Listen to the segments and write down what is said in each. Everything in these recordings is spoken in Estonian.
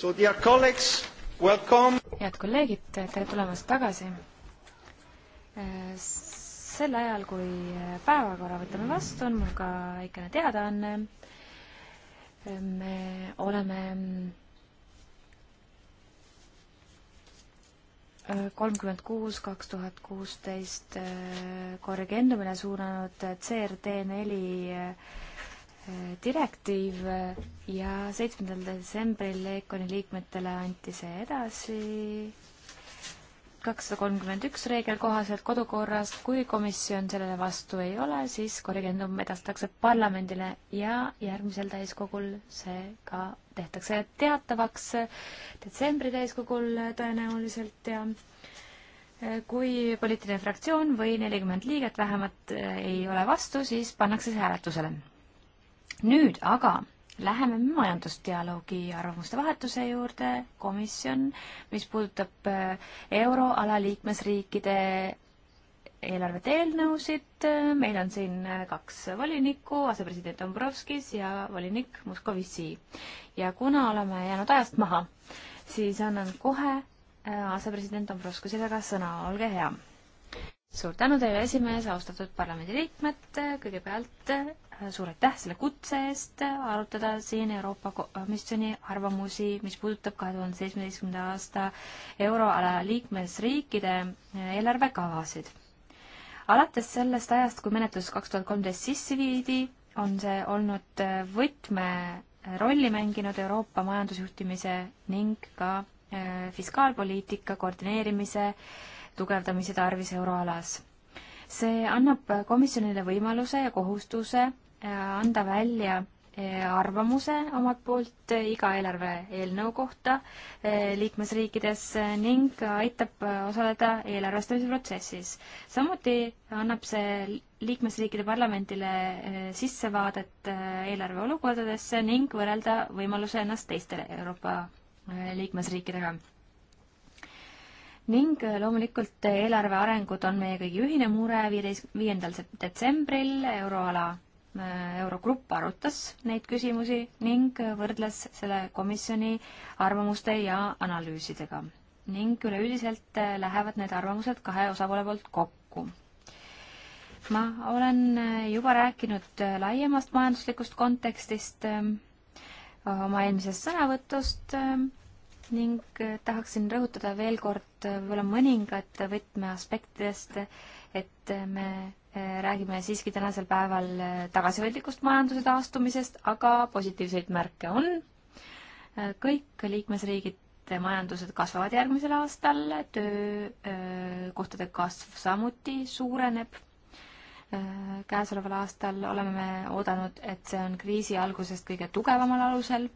So dear colleagues, welcome! head kolleegid, tere tulemast tagasi! Äh, sel ajal, kui äh, päevakorra võtame vastu, on mul ka väikene teadaanne. Äh, me oleme kolmkümmend kuus, kaks tuhat kuusteist korrigendumile suunanud CRD neli 4 direktiiv ja seitsmendal detsembril EKONi liikmetele anti see edasi kakssada kolmkümmend üks reegel kohaselt kodukorras, kui komisjon sellele vastu ei ole, siis korrigendum edastatakse parlamendile ja järgmisel täiskogul see ka tehtakse teatavaks detsembri täiskogul tõenäoliselt ja eh, kui poliitiline fraktsioon või nelikümmend liiget vähemalt eh, ei ole vastu, siis pannakse see hääletusele nüüd aga läheme majandusdialoogi arvamuste vahetuse juurde, komisjon, mis puudutab äh, euroala liikmesriikide eelarvete eelnõusid, meil on siin äh, kaks volinikku, asepresident Dombrovskis ja volinik Moskovitsi. ja kuna oleme jäänud ajast maha, siis annan kohe äh, asepresident Dombrovskisele ka sõna, olge hea. suur tänu teile, esimees, austatud parlamendiliikmed, kõigepealt suur aitäh selle kutse eest arutada siin Euroopa Komisjoni arvamusi, mis puudutab kahe tuhande seitsmeteistkümnenda aasta euroala liikmesriikide eelarvekavasid. alates sellest ajast, kui menetlus kaks tuhat kolmteist sisse viidi, on see olnud võtme rolli mänginud Euroopa majandusjuhtimise ning ka äh, fiskaalpoliitika koordineerimise tugevdamise tarvis euroalas see annab komisjonile võimaluse ja kohustuse Äh, anda välja äh, arvamuse omalt poolt äh, iga eelarve eelnõu kohta liikmesriikides ning aitab osaleda eelarvestamise protsessis. samuti annab see liikmesriikide parlamendile sissevaadet eelarve olukordadesse ning võrrelda võimaluse ennast teiste Euroopa liikmesriikidega ning loomulikult eelarve arengud on meie kõigi ühine mure, viieteist, viiendal detsembril euroala Äh, Eurogrupp arutas neid küsimusi ning võrdles selle komisjoni arvamuste ja analüüsidega. ning üleüldiselt äh, lähevad need arvamused kahe osapoole poolt kokku. ma olen äh, juba rääkinud laiemast majanduslikust kontekstist oma eelmisest sõnavõtust ning tahaksin rõhutada veel kord võib-olla mõningat võtmeaspektidest, et me Äh, räägime siiski tänasel päeval äh, tagasihoidlikust majanduse taastumisest, aga positiivseid märke on. Äh, kõik liikmesriigid majandused kasvavad järgmisel aastal, töökohtade kasv samuti suureneb. käesoleval aastal oleme me oodanud, et see on kriisi algusest kõige tugevamal alusel.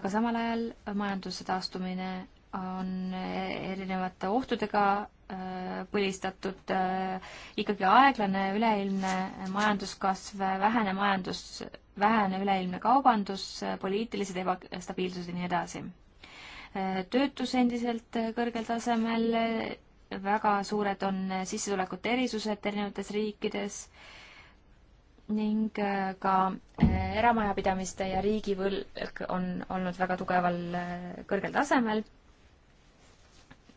aga samal ajal majanduse taastumine on eh, erinevate ohtudega eh, põlistatud eh, ikkagi aeglane üleilmne majanduskasv, vähene majandus, vähene üleilmne kaubandus, poliitilised ebastabiilsused ja nii edasi. töötus endiselt kõrgel tasemel, väga suured on sissetulekute erisused erinevates riikides ning ka eramajapidamiste ja riigivõlg on olnud väga tugeval kõrgel tasemel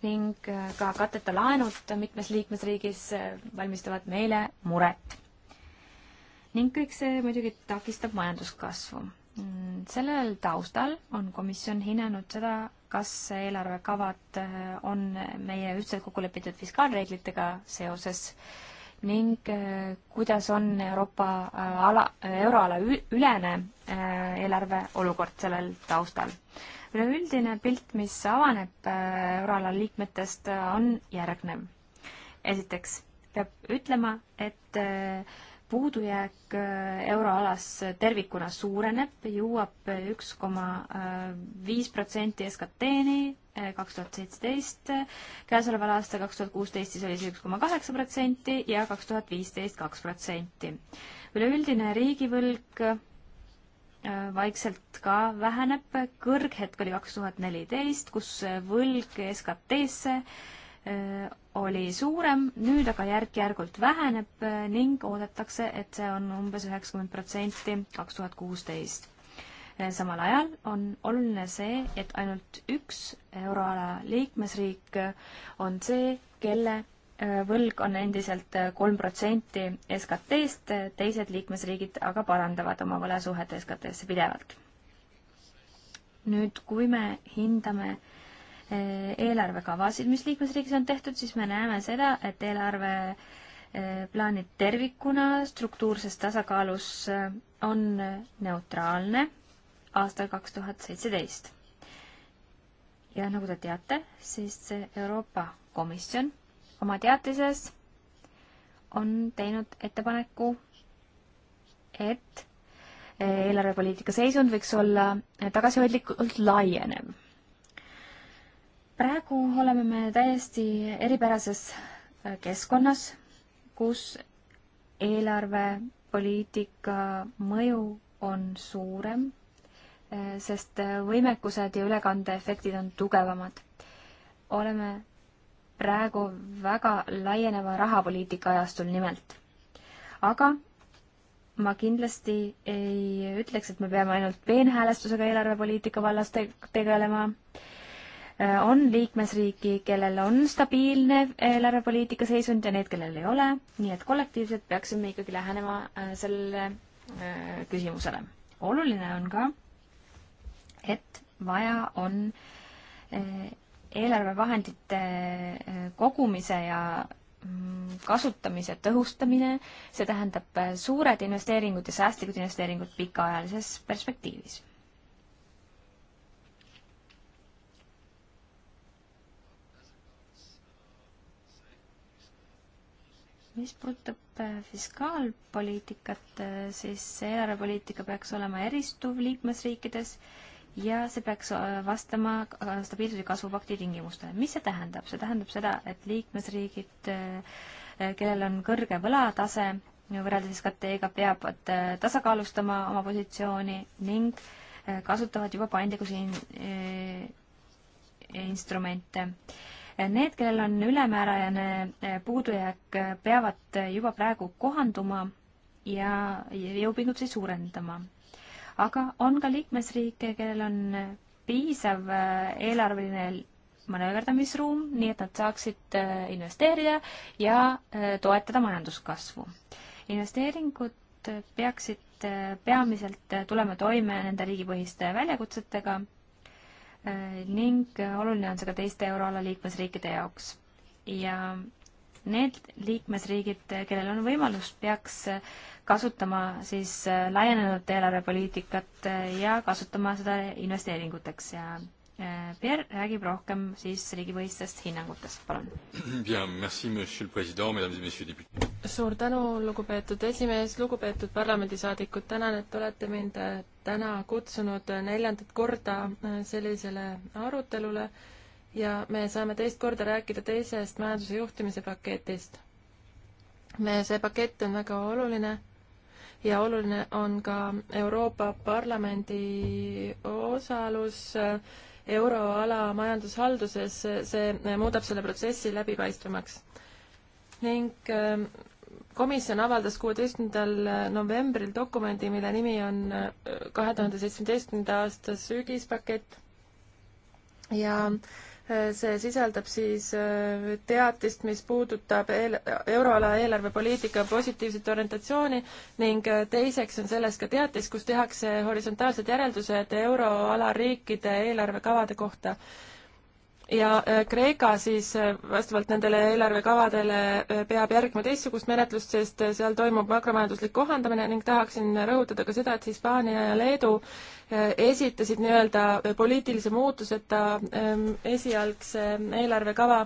ning äh, ka katteta laenud mitmes liikmesriigis äh, valmistavad meile muret. ning kõik see muidugi takistab majanduskasvu. Mm, sellel taustal on komisjon hinnanud seda, kas eelarvekavad äh, on meie ühtselt kokku lepitud fiskaalreeglitega seoses ning kuidas on Euroopa ala, euroala ülene eelarve olukord sellel taustal üleüldine pilt, mis avaneb äh, euroala liikmetest, äh, on järgnev. esiteks peab ütlema, et äh, puudujääk euroalas tervikuna suureneb, jõuab üks koma viis protsenti SKT-ni kaks tuhat seitseteist, käesoleval aastal kaks tuhat kuusteist siis oli see üks koma kaheksa protsenti ja kaks tuhat viisteist kaks protsenti. üleüldine riigivõlg Äh, vaikselt ka väheneb, kõrghetk oli kaks tuhat neliteist, kus võlg SKT-sse äh, oli suurem, nüüd aga järk-järgult väheneb äh, ning oodatakse, et see on umbes üheksakümmend protsenti kaks tuhat kuusteist. samal ajal on oluline see, et ainult üks euroala liikmesriik on see, kelle võlg on endiselt kolm protsenti SKT-st, teised liikmesriigid aga parandavad oma võlasuhet SKT-sse pidevalt. nüüd, kui me hindame eh, eelarvekavasid, mis liikmesriigis on tehtud, siis me näeme seda, et eelarve eh, plaanid tervikuna struktuurses tasakaalus eh, on neutraalne aastal kaks tuhat seitseteist. ja nagu te teate, siis Euroopa Komisjon oma teatises on teinud ettepaneku, et eh, eelarvepoliitika seisund võiks olla tagasihoidlikult laienev. praegu oleme me täiesti eripärases eh, keskkonnas, kus eelarvepoliitika mõju on suurem, eh, sest võimekused ja ülekandeefektid on tugevamad. oleme praegu väga laieneva rahapoliitika ajastul nimelt. aga ma kindlasti ei ütleks, et me peame ainult peenhäälestusega eelarvepoliitika vallas te tegelema. Äh, on liikmesriiki, kellel on stabiilne eelarvepoliitika seisund ja need, kellel ei ole, nii et kollektiivselt peaksime ikkagi lähenema äh, sellele äh, küsimusele. oluline on ka, et vaja on eelarvevahendite äh, kogumise ja mm, kasutamise tõhustamine, see tähendab äh, suured investeeringud ja säästlikud investeeringud pikaajalises perspektiivis mis puudutab äh, fiskaalpoliitikat, siis eelarvepoliitika peaks olema eristuv liikmesriikides ja see peaks äh, vastama äh, stabiilsuse kasvupakti tingimustele. mis see tähendab? see tähendab seda, et liikmesriigid, äh, kellel on kõrge võlatase võrreldes SKT-ga, peavad tasakaalustama oma positsiooni ning kasutavad juba paindlikkuse in, instrumente. Need, kellel on ülemäärane puudujääk, peavad juba praegu kohanduma ja jõupingutusi suurendama aga on ka liikmesriike, kellel on piisav äh, eelarveline manööverdamisruum, nii et nad saaksid äh, investeerida ja äh, toetada majanduskasvu. investeeringud peaksid peamiselt tulema toime nende riigipõhiste väljakutsetega ning oluline on see ka teiste euroala liikmesriikide jaoks. ja Need liikmesriigid, kellel on võimalus, peaks kasutama siis äh, laienenud eelarvepoliitikat äh, ja kasutama seda investeeringuteks ja äh, Pierre räägib rohkem siis riigipõhistest hinnangutest, palun. suur tänu, lugupeetud esimees, lugupeetud parlamendisaadikud, tänan, et olete mind täna kutsunud neljandat korda sellisele arutelule ja me saame teist korda rääkida teisest majanduse juhtimise paketist. me, see pakett on väga oluline ja oluline on ka Euroopa Parlamendi osalus euroala majandushalduses, see muudab selle protsessi läbipaistvamaks. ning äh, komisjon avaldas kuueteistkümnendal novembril dokumendi, mille nimi on äh, kahe tuhande seitsmeteistkümnenda aasta sügispakett ja äh, see sisaldab siis äh, teatist, mis puudutab eel-, euroala eelarvepoliitika positiivset orientatsiooni ning äh, teiseks on selles ka teatis, kus tehakse horisontaalsed järeldused euroala riikide eelarvekavade kohta ja äh, Kreeka siis äh, vastavalt nendele eelarvekavadele äh, peab järgma teistsugust menetlust, sest seal toimub makromajanduslik kohandamine ning tahaksin rõhutada ka seda, et Hispaania ja Leedu esitasid nii-öelda poliitilise muutuseta ähm, esialgse eelarvekava,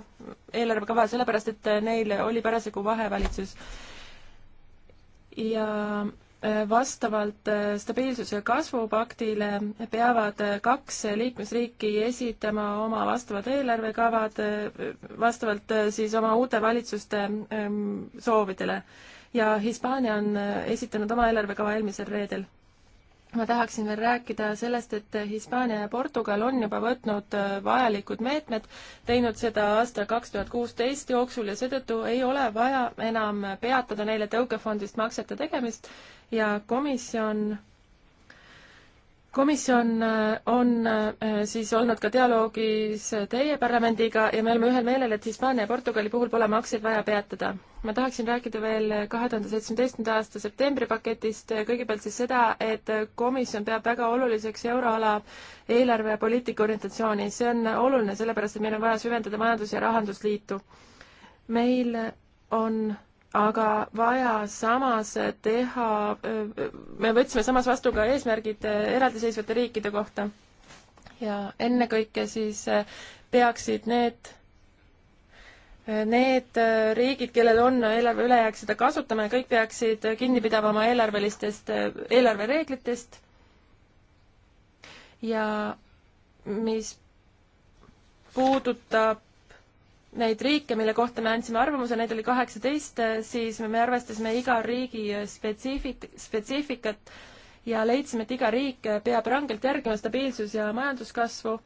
eelarvekava sellepärast, et neil oli parasjagu vahevalitsus. ja Äh, vastavalt äh, stabiilsuse ja kasvupaktile peavad äh, kaks liikmesriiki esitama oma vastavad eelarvekavad vastavalt siis oma uute valitsuste ähm, soovidele. ja Hispaania on esitanud oma eelarvekava eelmisel reedel ma tahaksin veel rääkida sellest, et Hispaania ja Portugal on juba võtnud äh, vajalikud meetmed, teinud seda aasta kaks tuhat kuusteist jooksul ja seetõttu ei ole vaja enam peatada neile tõukefondist maksete tegemist ja komisjon komisjon äh, on äh, siis olnud ka dialoogis teie parlamendiga ja me oleme ühel meelel, et Hispaania ja Portugali puhul pole makseid vaja peatada. ma tahaksin rääkida veel kahe tuhande seitsmeteistkümnenda aasta septembri paketist, kõigepealt siis seda, et komisjon peab väga oluliseks euroala eelarvepoliitika orientatsiooni. see on oluline, sellepärast et meil on vaja süvendada majandus- ja rahandusliitu. meil on aga vaja samas teha, me võtsime samas vastu ka eesmärgid eh, eraldiseisvate riikide kohta. ja ennekõike siis eh, peaksid need eh, Need riigid, kellel on eelarve ülejääk, seda kasutame, kõik peaksid kinni pidama oma eelarvelistest, eelarvereeglitest. ja mis puudutab neid riike, mille kohta me andsime arvamuse, neid oli kaheksateist, eh, siis me arvestasime iga riigi eh, spetsiifik-, spetsiifikat ja leidsime, et iga riik eh, peab rangelt järgima stabiilsus- ja majanduskasvu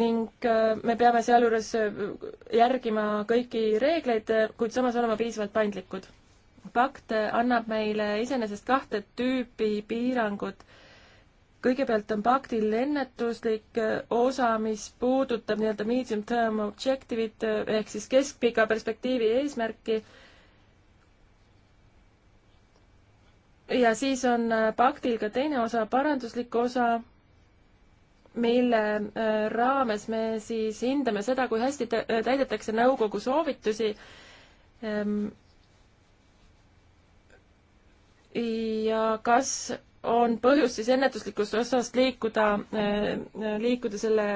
ning me peame sealjuures järgima kõiki reegleid, kuid samas olema piisavalt paindlikud. pakt annab meile iseenesest kahte tüüpi piirangud kõigepealt on paktil ennetuslik äh, osa, mis puudutab nii-öelda medium term objective'it äh, ehk siis keskpika perspektiivi eesmärki. ja siis on äh, paktil ka teine osa, paranduslik osa, mille raames me siis hindame seda, kui hästi täidetakse nõukogu soovitusi ehm, ja kas on põhjust siis ennetuslikust osast liikuda, äh, äh, liikuda selle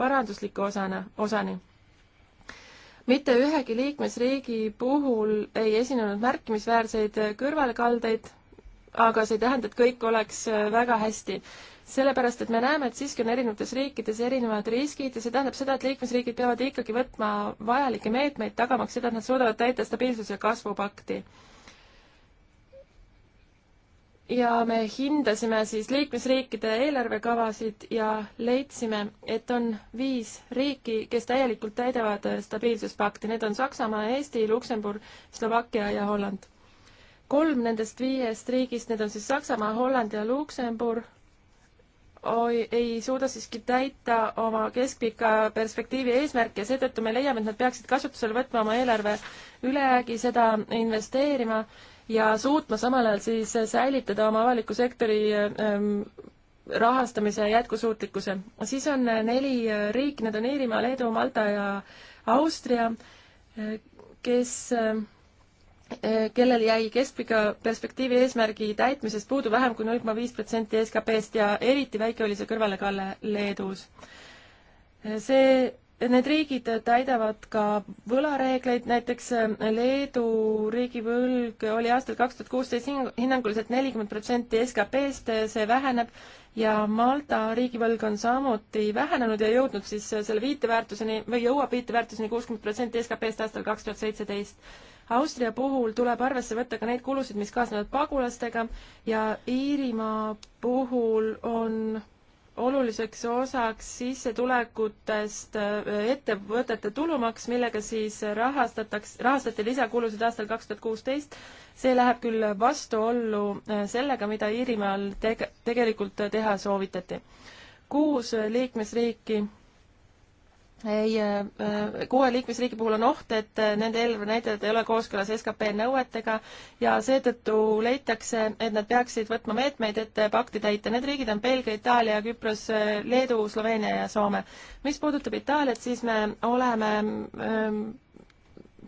parandusliku osana, osani. mitte ühegi liikmesriigi puhul ei esinenud märkimisväärseid kõrvalekaldeid, aga see ei tähenda, et kõik oleks äh, väga hästi. sellepärast, et me näeme, et siiski on erinevates riikides erinevad riskid ja see tähendab seda, et liikmesriigid peavad ikkagi võtma vajalikke meetmeid, tagamaks seda, et nad suudavad täita stabiilsuse kasvupakti ja me hindasime siis liikmesriikide eelarvekavasid ja leidsime, et on viis riiki, kes täielikult täidavad stabiilsuspakti, need on Saksamaa, Eesti, Luksemburg, Slovakkia ja Holland. kolm nendest viiest riigist, need on siis Saksamaa, Holland ja Luksemburg, ei suuda siiski täita oma keskpika perspektiivi eesmärke, seetõttu me leiame, et nad peaksid kasutusele võtma oma eelarve ülejäägi, seda investeerima ja suutma samal ajal siis säilitada oma avaliku sektori ähm, rahastamise jätkusuutlikkuse. siis on neli äh, riiki, need on Iirimaa, Leedu, Malta ja Austria, äh, kes, äh, kellel jäi keskpika perspektiivi eesmärgi täitmisest puudu vähem kui null koma viis protsenti SKP-st ja eriti väike oli see kõrvalekalle Leedus. see Need riigid täidavad ka võlareegleid, näiteks äh, Leedu riigivõlg oli aastal kaks tuhat kuusteist hinnanguliselt nelikümmend protsenti SKP-st, äh, see väheneb ja Malta riigivõlg on samuti vähenenud ja jõudnud siis äh, selle viiteväärtuseni või jõuab viiteväärtuseni kuuskümmend protsenti SKP-st aastal kaks tuhat seitseteist. Austria puhul tuleb arvesse võtta ka neid kulusid, mis kaasnevad pagulastega ja Iirimaa puhul on oluliseks osaks sissetulekutest äh, ettevõtete tulumaks, millega siis rahastatakse, rahastati lisakulusid aastal kaks tuhat kuusteist. see läheb küll vastuollu äh, sellega, mida Iirimaal teg-, tegelikult teha soovitati. kuus liikmesriiki ei, äh, kuue liikmesriigi puhul on oht, et äh, nende eelarvenäitajad ei ole kooskõlas SKP nõuetega ja seetõttu leitakse, et nad peaksid võtma meetmeid, et äh, pakti täita. Need riigid on Belgia, Itaalia, Küpros, Leedu, Sloveenia ja Soome. mis puudutab Itaaliat, siis me oleme ähm,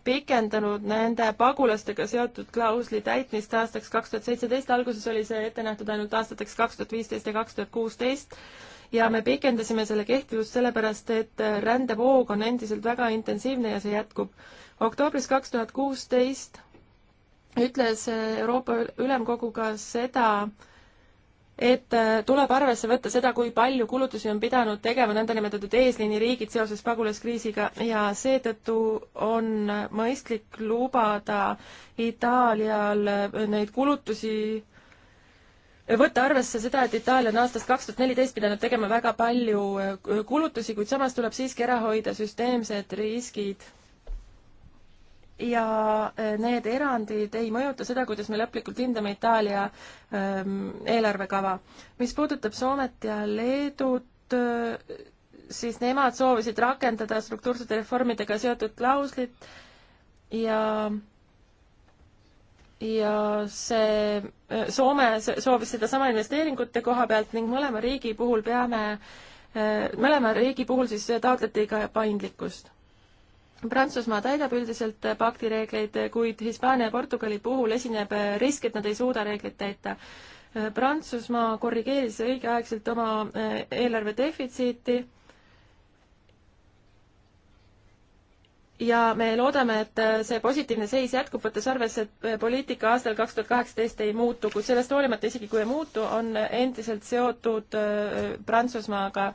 pikendanud nende pagulastega seotud klausli täitmist aastaks kaks tuhat seitseteist, alguses oli see ette nähtud ainult aastateks kaks tuhat viisteist ja kaks tuhat kuusteist ja me pikendasime selle kehtivust sellepärast, et rändevoog on endiselt väga intensiivne ja see jätkub. oktoobris kaks tuhat kuusteist ütles Euroopa Ülemkogu ka seda, et tuleb arvesse võtta seda, kui palju kulutusi on pidanud tegema nõndanimetatud eesliiniriigid seoses pagulaskriisiga ja seetõttu on mõistlik lubada Itaalial neid kulutusi võtta arvesse seda, et Itaalia on aastast kaks tuhat neliteist pidanud tegema väga palju eh, kulutusi, kuid samas tuleb siiski ära hoida süsteemsed riskid. ja eh, need erandid ei mõjuta seda, kuidas me lõplikult hindame Itaalia ehm, eelarvekava. mis puudutab Soomet ja Leedut, eh, siis nemad soovisid rakendada struktuursete reformidega seotud klauslit ja ja see, Soome soovis sedasama investeeringute koha pealt ning mõlema riigi puhul peame, mõlema riigi puhul siis taotleti ka paindlikkust. Prantsusmaa täidab üldiselt pakti reegleid, kuid Hispaania ja Portugali puhul esineb risk, et nad ei suuda reegleid täita. Prantsusmaa korrigeeris õigeaegselt oma eelarve defitsiiti ja me loodame, et äh, see positiivne seis jätkub, võttes arvesse, et äh, poliitika aastal kaks tuhat kaheksateist ei muutu, kuid sellest hoolimata, isegi kui ei muutu, on äh, endiselt seotud Prantsusmaaga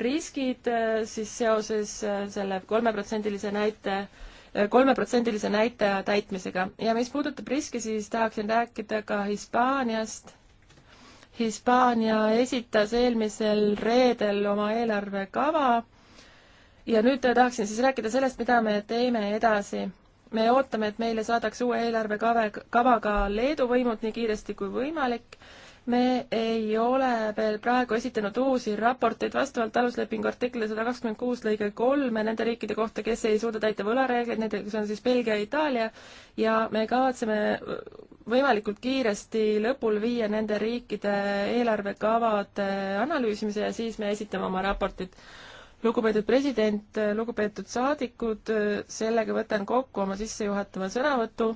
riskid siis seoses selle kolmeprotsendilise näite kolmeprotsendilise näitaja täitmisega ja mis puudutab riski, siis tahaksin rääkida ka Hispaaniast. Hispaania esitas eelmisel reedel oma eelarvekava ja nüüd äh, tahaksin siis rääkida sellest, mida me teeme edasi. me ootame, et meile saadaks uue eelarvekava, kavaga Leedu võimud nii kiiresti kui võimalik. me ei ole veel praegu esitanud uusi raporteid vastavalt aluslepingu artiklile sada kakskümmend kuus lõige kolme nende riikide kohta, kes ei suuda täita võlareegleid, näiteks on siis Belgia ja Itaalia, ja me kavatseme äh, võimalikult kiiresti lõpul viia nende riikide eelarvekavade analüüsimise ja siis me esitame oma raportid lugupeetud president, lugupeetud saadikud, sellega võtan kokku oma sissejuhatava sõnavõtu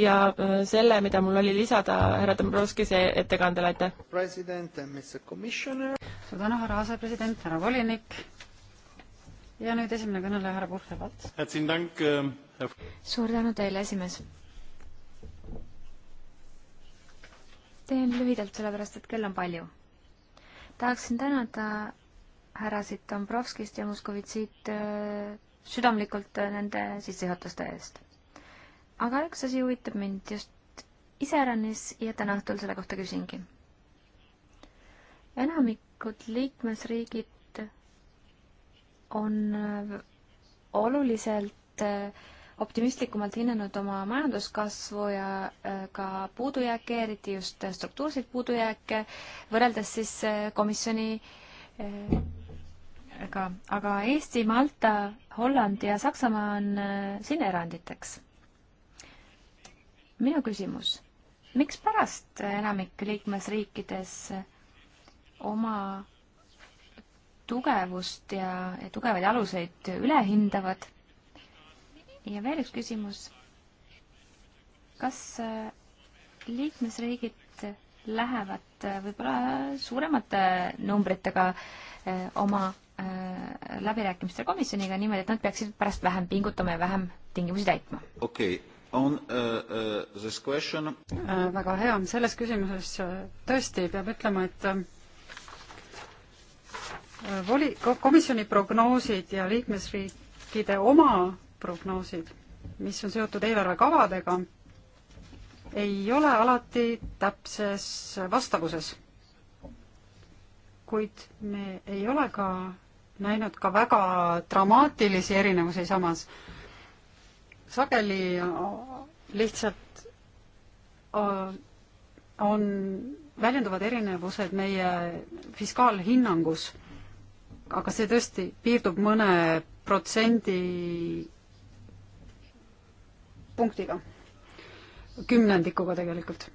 ja äh, selle, mida mul oli lisada härra Dombrovskise ettekandele, aitäh! suur tänu, härra asepresident, härra volinik ja nüüd esimene kõneleja, härra Puhkevalt. Äh, suur tänu teile, esimees! teen lühidalt, sellepärast et kell on palju tahaksin tänada härrasid Dombrovskist ja Moskovitsit äh, südamlikult äh, nende sissejuhatuste eest. aga üks asi huvitab mind just iseäranis ja täna õhtul selle kohta küsingi. enamikud liikmesriigid on äh, oluliselt äh, optimistlikumalt hinnanud oma majanduskasvu ja äh, ka puudujääke, eriti just struktuurseid puudujääke, võrreldes siis äh, komisjoni ka, äh, aga Eesti, Malta, Holland ja Saksamaa on siin eranditeks. minu küsimus, mikspärast enamik liikmesriikides oma tugevust ja, ja tugevaid aluseid üle hindavad ja veel üks küsimus. kas äh, liikmesriigid lähevad äh, võib-olla suuremate äh, numbritega oma läbirääkimistel komisjoniga niimoodi, et nad peaksid pärast vähem pingutama ja vähem tingimusi täitma? okei okay., on uh, uh, this question äh,. väga hea, selles küsimuses tõesti peab ütlema, et äh, voli-, komisjoni prognoosid ja liikmesriikide oma prognoosid, mis on seotud eelarvekavadega, ei ole alati täpses vastavuses. kuid me ei ole ka näinud ka väga dramaatilisi erinevusi samas. sageli lihtsalt äh, on, väljenduvad erinevused meie fiskaalhinnangus, aga see tõesti piirdub mõne protsendi punktiga, kümnendikuga tegelikult.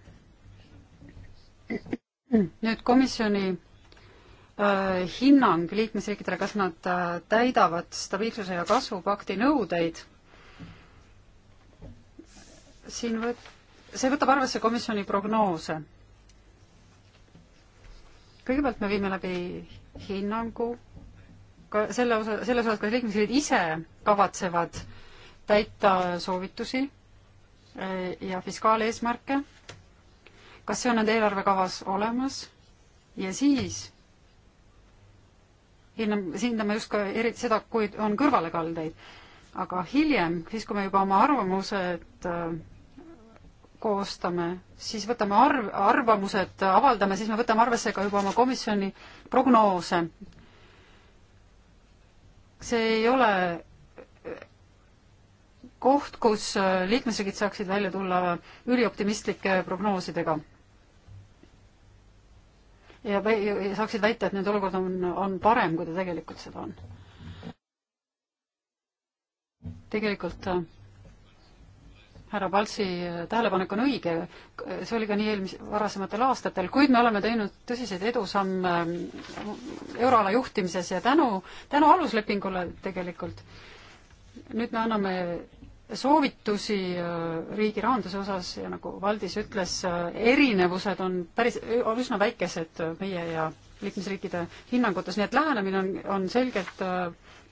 nüüd komisjoni äh, hinnang liikmesriikidele, kas nad äh, täidavad stabiilsuse ja kasvupakti nõudeid. siin võt-, see võtab arvesse komisjoni prognoose. kõigepealt me viime läbi hinnangu ka selle osa, selles osas, kas liikmesriigid ise kavatsevad täita soovitusi eh, ja fiskaaleesmärke, kas see on nende eelarvekavas olemas ja siis hindame just ka eriti seda, kui on kõrvalekaldeid. aga hiljem, siis kui me juba oma arvamused eh, koostame, siis võtame arv, arvamused avaldame, siis me võtame arvesse ka juba oma komisjoni prognoose. see ei ole koht, kus äh, liikmesriigid saaksid välja tulla ülioptimistlike prognoosidega. ja saaksid väita, et nüüd olukord on, on parem, kui ta tegelikult seda on. tegelikult äh, härra Paltsi äh, tähelepanek on õige, see oli ka nii eelmis-, varasematel aastatel, kuid me oleme teinud tõsiseid edusamme euroala juhtimises ja tänu, tänu aluslepingule tegelikult. nüüd me anname soovitusi äh, riigi rahanduse osas ja nagu Valdis ütles, äh, erinevused on päris, on üsna väikesed äh, meie ja liikmesriikide hinnangutes, nii et lähenemine on, on selgelt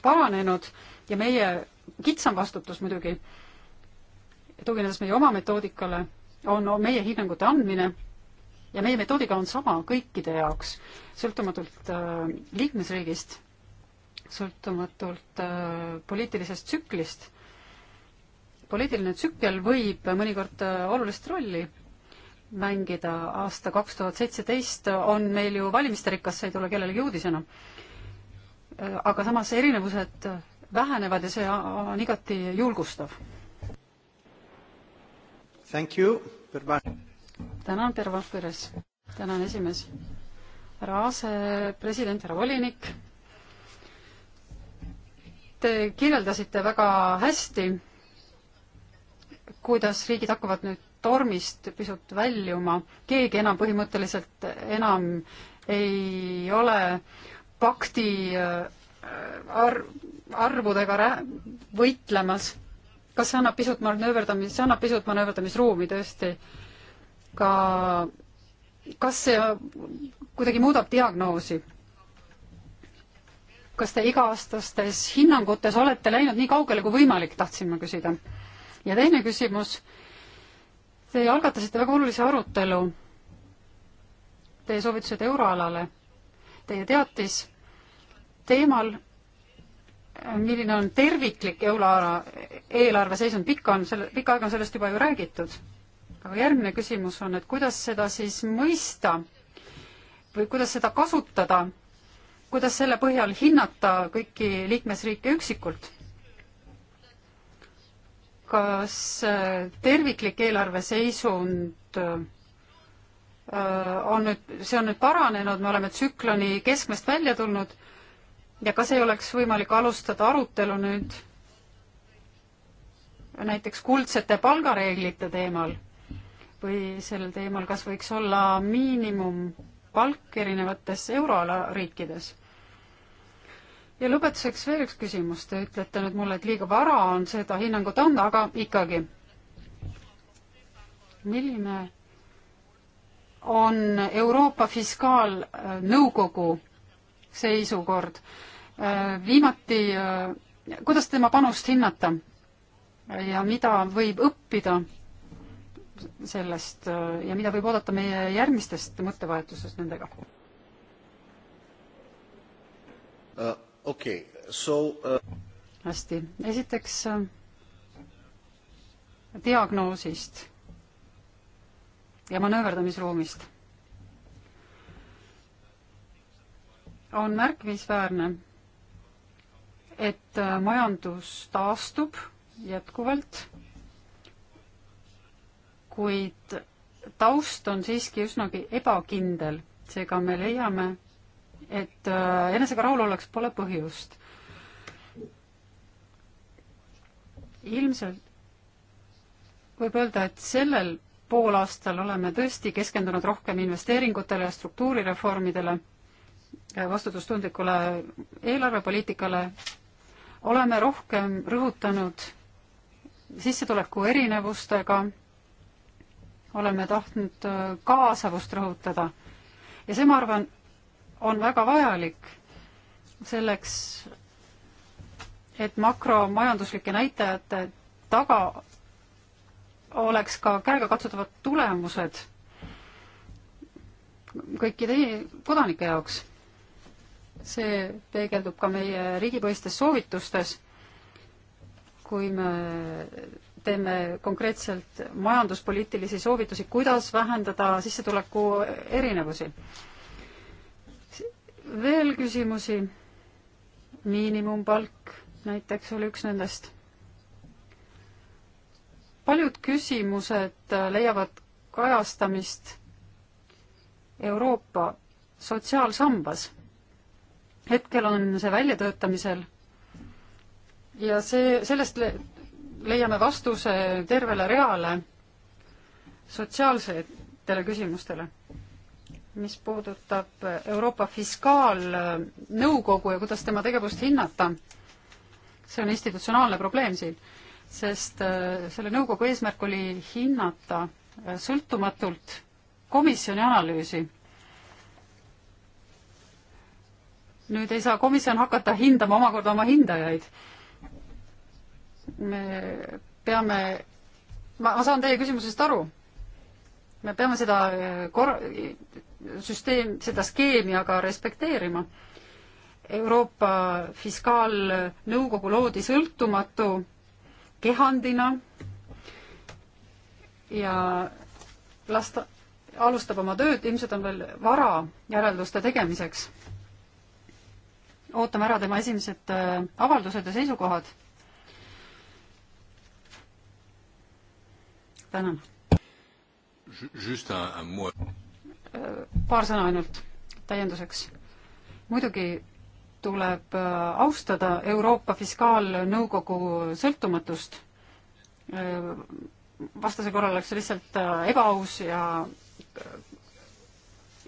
paranenud ja meie kitsam vastutus muidugi, tuginedes meie oma metoodikale, on meie hinnangute andmine ja meie metoodika on sama kõikide jaoks, sõltumatult liikmesriigist, sõltumatult poliitilisest tsüklist poliitiline tsükkel võib mõnikord äh, olulist rolli mängida. aasta kaks tuhat seitseteist on meil ju valimisterikas, see ei tule kellelegi uudisena. Äh, aga samas erinevused vähenevad ja see on igati julgustav. tänan, Pervas Peres. tänan, esimees. härra asepresident, härra volinik. Te kirjeldasite väga hästi kuidas riigid hakkavad nüüd tormist pisut väljuma, keegi enam põhimõtteliselt enam ei ole pakti äh, ar-, arvudega rä-, võitlemas. kas see annab pisut manööverdamist, see annab pisut manööverdamisruumi tõesti. ka kas see kuidagi muudab diagnoosi? kas te iga-aastastes hinnangutes olete läinud nii kaugele kui võimalik, tahtsin ma küsida ja teine küsimus. Te algatasite väga olulise arutelu. Teie soovitused euroalale, teie teatis teemal, milline on terviklik euroala eelarve seisund, pikka on selle, pikka aega on sellest juba ju räägitud. aga järgmine küsimus on, et kuidas seda siis mõista või kuidas seda kasutada, kuidas selle põhjal hinnata kõiki liikmesriike üksikult kas äh, terviklik eelarve seisund äh, on nüüd, see on nüüd paranenud, me oleme tsükloni keskmest välja tulnud ja kas ei oleks võimalik alustada arutelu nüüd näiteks kuldsete palgareeglite teemal või sellel teemal, kas võiks olla miinimumpalk erinevates euroala riikides ja lõpetuseks veel üks küsimus, te ütlete nüüd mulle, et liiga vara on seda hinnangut anda, aga ikkagi. milline on Euroopa Fiskaalnõukogu seisukord? Äh, viimati, äh, kuidas tema panust hinnata ja mida võib õppida sellest äh, ja mida võib oodata meie järgmistest mõttevahetusest nendega uh.? okei okay,, so uh... hästi, esiteks äh, diagnoosist ja manööverdamisruumist. on märkimisväärne, et äh, majandus taastub jätkuvalt, kuid taust on siiski üsnagi ebakindel, seega me leiame, et äh, enesega rahul oleks, pole põhjust. ilmselt võib öelda, et sellel poolaastal oleme tõesti keskendunud rohkem investeeringutele ja struktuurireformidele, äh, vastutustundlikule eelarvepoliitikale, oleme rohkem rõhutanud sissetuleku erinevustega, oleme tahtnud äh, kaasavust rõhutada ja see, ma arvan, on väga vajalik selleks, et makromajanduslike näitajate taga oleks ka käegakatsutavad tulemused kõikide kodanike jaoks. see peegeldub ka meie riigipõhistes soovitustes, kui me teeme konkreetselt majanduspoliitilisi soovitusi, kuidas vähendada sissetuleku erinevusi veel küsimusi? miinimumpalk näiteks oli üks nendest. paljud küsimused leiavad kajastamist Euroopa sotsiaalsambas. hetkel on see väljatöötamisel ja see, sellest le leiame vastuse tervele reale sotsiaalsetele küsimustele mis puudutab Euroopa Fiskaalnõukogu ja kuidas tema tegevust hinnata. see on institutsionaalne probleem siin, sest äh, selle nõukogu eesmärk oli hinnata äh, sõltumatult komisjoni analüüsi. nüüd ei saa komisjon hakata hindama omakorda oma hindajaid. me peame, ma, ma saan teie küsimusest aru, me peame seda äh, kor-, süsteem, seda skeemi aga respekteerima. Euroopa Fiskaalnõukogu loodi sõltumatu kehandina ja las ta alustab oma tööd, ilmselt on veel vara järelduste tegemiseks. ootame ära tema esimesed äh, avaldused ja seisukohad. tänan. Äh, paar sõna ainult täienduseks. muidugi tuleb äh, austada Euroopa Fiskaalnõukogu sõltumatust, äh, vastasel korral oleks see lihtsalt ebaaus ja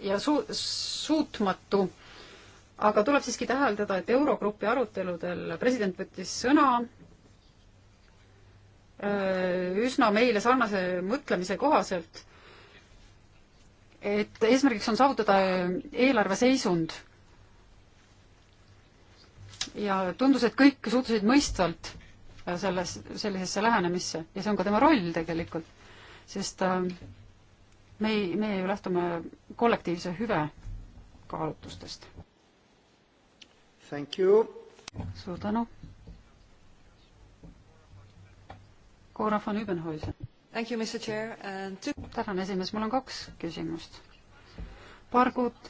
ja su-, suutmatu, aga tuleb siiski täheldada, et Eurogrupi aruteludel president võttis sõna üsna meile sarnase mõtlemise kohaselt et eesmärgiks on saavutada eelarve seisund. ja tundus, et kõik suhtusid mõistvalt selles, sellisesse lähenemisse ja see on ka tema roll tegelikult, sest äh, me ei, meie ju lähtume kollektiivse hüve kaalutlustest. suur tänu. Cora van Übenhuisen. Uh, tänan, esimees, mul on kaks küsimust. paar kuud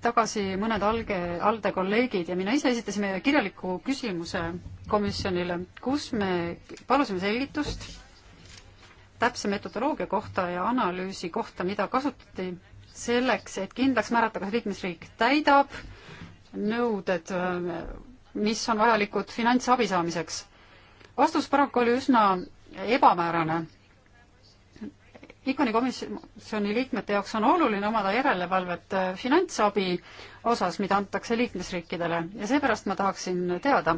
tagasi mõned alge, ALDE kolleegid ja mina ise esitasime kirjaliku küsimuse komisjonile, kus me palusime selgitust täpse metodoloogia kohta ja analüüsi kohta, mida kasutati selleks, et kindlaks määrata, kas liikmesriik täidab nõuded, mis on vajalikud finantsabi saamiseks. vastus paraku oli üsna ebamäärane. ICONi komisjoni liikmete jaoks on oluline omada järelevalvet äh, finantsabi osas, mida antakse liikmesriikidele ja seepärast ma tahaksin teada,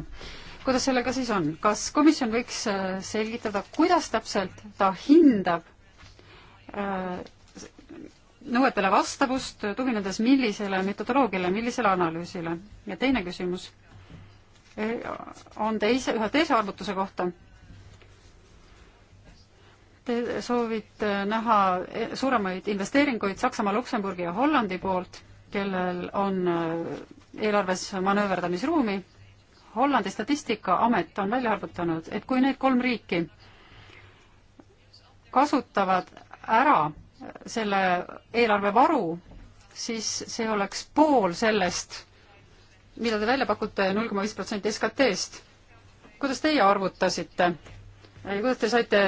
kuidas sellega siis on, kas komisjon võiks äh, selgitada, kuidas täpselt ta hindab äh, nõuetele vastavust, tuginedes millisele metodoloogiale, millisele analüüsile? ja teine küsimus on teise, ühe teise arvutuse kohta Te soovite näha suuremaid investeeringuid Saksamaa, Luksemburgi ja Hollandi poolt, kellel on äh, eelarves manööverdamisruumi. Hollandi statistikaamet on välja arvutanud, et kui need kolm riiki kasutavad ära selle eelarvevaru, siis see oleks pool sellest, mida te välja pakute, null koma viis protsenti SKT-st. kuidas teie arvutasite? Äh, kuidas te saite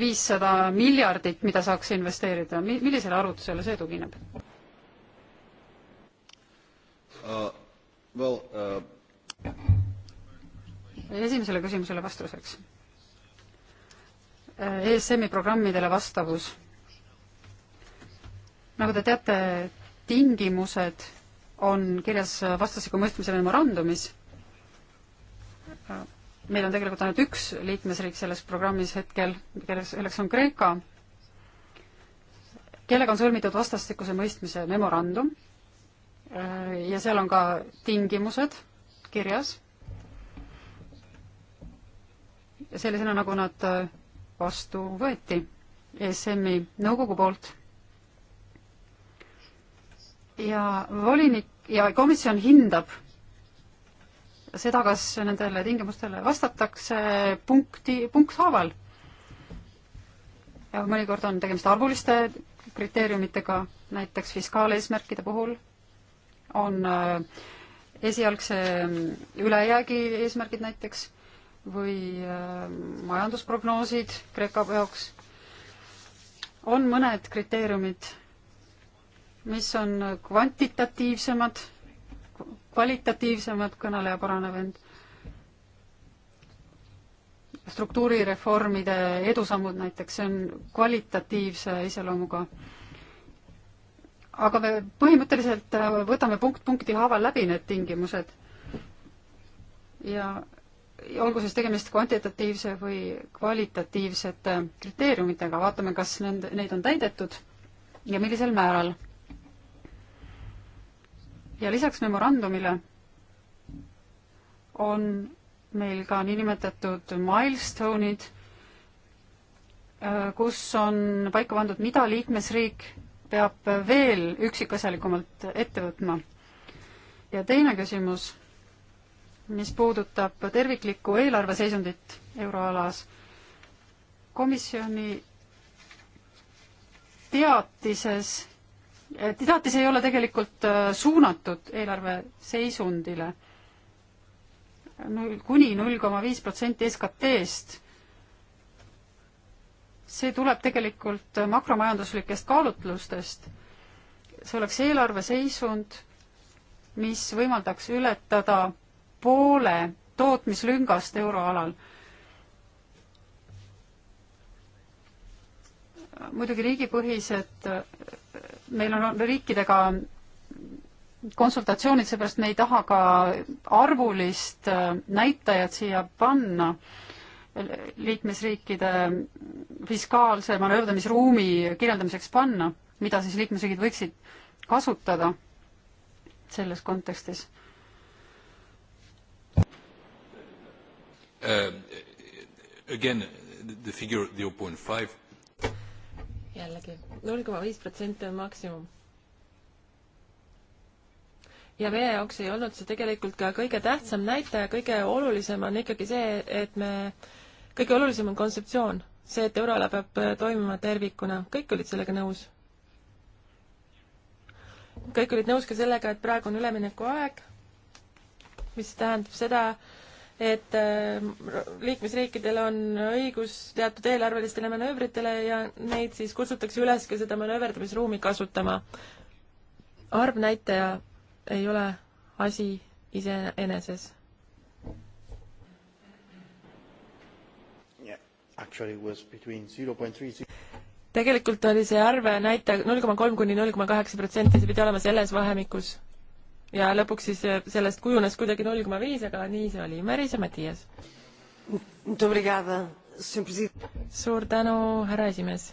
viissada miljardit, mida saaks investeerida, millisele arvutusele see tugineb uh,? Well, uh... esimesele küsimusele vastuseks. Äh, ESM-i programmidele vastavus. nagu te teate, tingimused on kirjas vastastikku mõistmise memorandumis äh, meil on tegelikult ainult üks liikmesriik selles programmis hetkel, kelleks, kelleks on Kreeka, kellega on sõlmitud vastastikuse mõistmise memorandum ja seal on ka tingimused kirjas, sellisena, nagu nad vastu võeti ESM-i nõukogu poolt. ja volinik ja komisjon hindab seda, kas nendele tingimustele vastatakse punkti, punkthaaval. ja mõnikord on tegemist arvuliste kriteeriumitega, näiteks fiskaaleesmärkide puhul on äh, esialgse mm, ülejäägi eesmärgid näiteks või äh, majandusprognoosid Kreeka jaoks. on mõned kriteeriumid, mis on kvantitatiivsemad kvalitatiivsemad, kõneleja paraneb end, struktuurireformide edusammud näiteks, see on kvalitatiivse iseloomuga. aga me põhimõtteliselt äh, võtame punkt punkti haaval läbi need tingimused ja olgu siis tegemist kvantitatiivse või kvalitatiivsete kriteeriumitega, vaatame, kas nende, neid on täidetud ja millisel määral ja lisaks memorandumile on meil ka niinimetatud milstoned, äh, kus on paika pandud, mida liikmesriik peab veel üksikasjalikumalt ette võtma. ja teine küsimus, mis puudutab terviklikku eelarveseisundit euroalas, komisjoni teatises teatis ei ole tegelikult äh, suunatud eelarve seisundile null, kuni null koma viis protsenti SKT-st. see tuleb tegelikult äh, makromajanduslikest kaalutlustest. see oleks eelarve seisund, mis võimaldaks ületada poole tootmislüngast euroalal muidugi riigipõhised, meil on riikidega konsultatsioonid, seepärast me ei taha ka arvulist äh, näitajat siia panna liikmesriikide fiskaalse manööverdamisruumi kirjeldamiseks panna, mida siis liikmesriigid võiksid kasutada selles kontekstis uh,? Again, the figure zero point five jällegi null koma viis protsenti on maksimum. ja meie jaoks ei olnud see tegelikult ka kõige tähtsam näitaja, kõige olulisem on ikkagi see, et me, kõige olulisem on kontseptsioon, see, et euroala peab toimima tervikuna, kõik olid sellega nõus. kõik olid nõus ka sellega, et praegu on üleminekuaeg, mis tähendab seda, et äh, liikmesriikidel on õigus teatud eelarvelistele manöövritele ja neid siis kutsutakse üles ka seda manööverdamisruumi kasutama. arvnäitaja ei ole asi iseeneses tegelikult oli see arve näitaja null koma kolm kuni null koma kaheksa protsenti, see pidi olema selles vahemikus ja lõpuks siis eh, sellest kujunes kuidagi null koma viis, aga nii see oli. Maris ja Mattias. suur tänu, härra esimees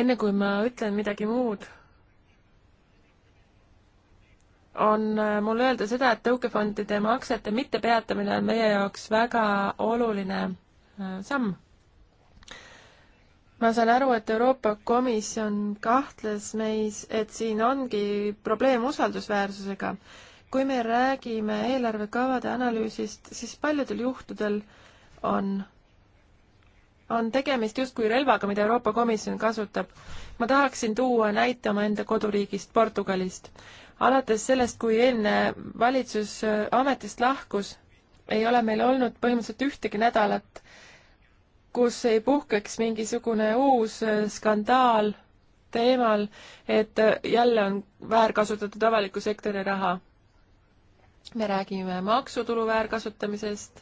enne kui ma ütlen midagi muud, on eh, mul öelda seda, et tõukefondide maksete mittepeatamine on meie jaoks väga oluline eh, samm ma saan aru, et Euroopa Komisjon kahtles meis, et siin ongi probleem usaldusväärsusega. kui me räägime eelarvekavade analüüsist, siis paljudel juhtudel on on tegemist justkui relvaga, mida Euroopa Komisjon kasutab. ma tahaksin tuua näite omaenda koduriigist Portugalist. alates sellest, kui eelmine valitsus ametist lahkus, ei ole meil olnud põhimõtteliselt ühtegi nädalat, kus ei puhkeks mingisugune uus äh, skandaal teemal, et äh, jälle on väärkasutatud avaliku sektori raha. me räägime maksutulu väärkasutamisest,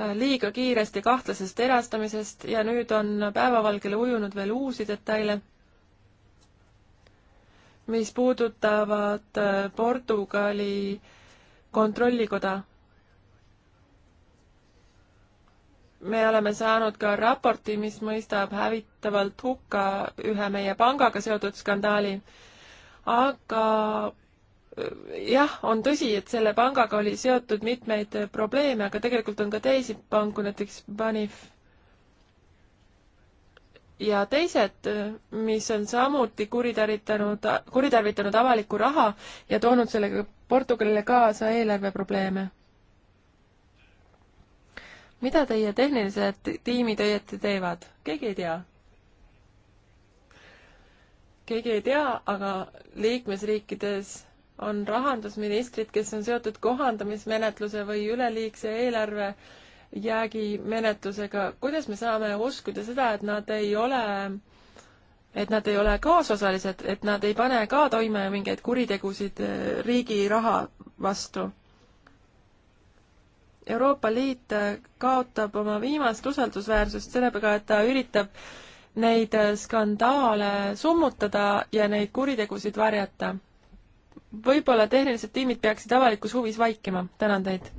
äh, liiga kiiresti kahtlasest erastamisest ja nüüd on päevavalgele ujunud veel uusi detaile, mis puudutavad Portugali kontrollikoda me oleme saanud ka raporti, mis mõistab hävitavalt hukka ühe meie pangaga seotud skandaali. aga äh, jah, on tõsi, et selle pangaga oli seotud mitmeid probleeme, aga tegelikult on ka teisi panku, näiteks Banif ja teised, mis on samuti kuritarvitanud, kuritarvitanud avalikku raha ja toonud sellega Portugalile kaasa eelarveprobleeme mida teie tehnilised tiimid õieti teevad? keegi ei tea. keegi ei tea, aga liikmesriikides on rahandusministrid, kes on seotud kohandamismenetluse või üleliigse eelarve jäägimenetlusega. kuidas me saame uskuda seda, et nad ei ole et nad ei ole kaasosalised, et nad ei pane ka toime mingeid kuritegusid eh, riigi raha vastu. Euroopa Liit kaotab oma viimast usaldusväärsust sellega, et ta üritab neid skandaale summutada ja neid kuritegusid varjata. võib-olla tehnilised tiimid peaksid avalikus huvis vaikima, tänan teid.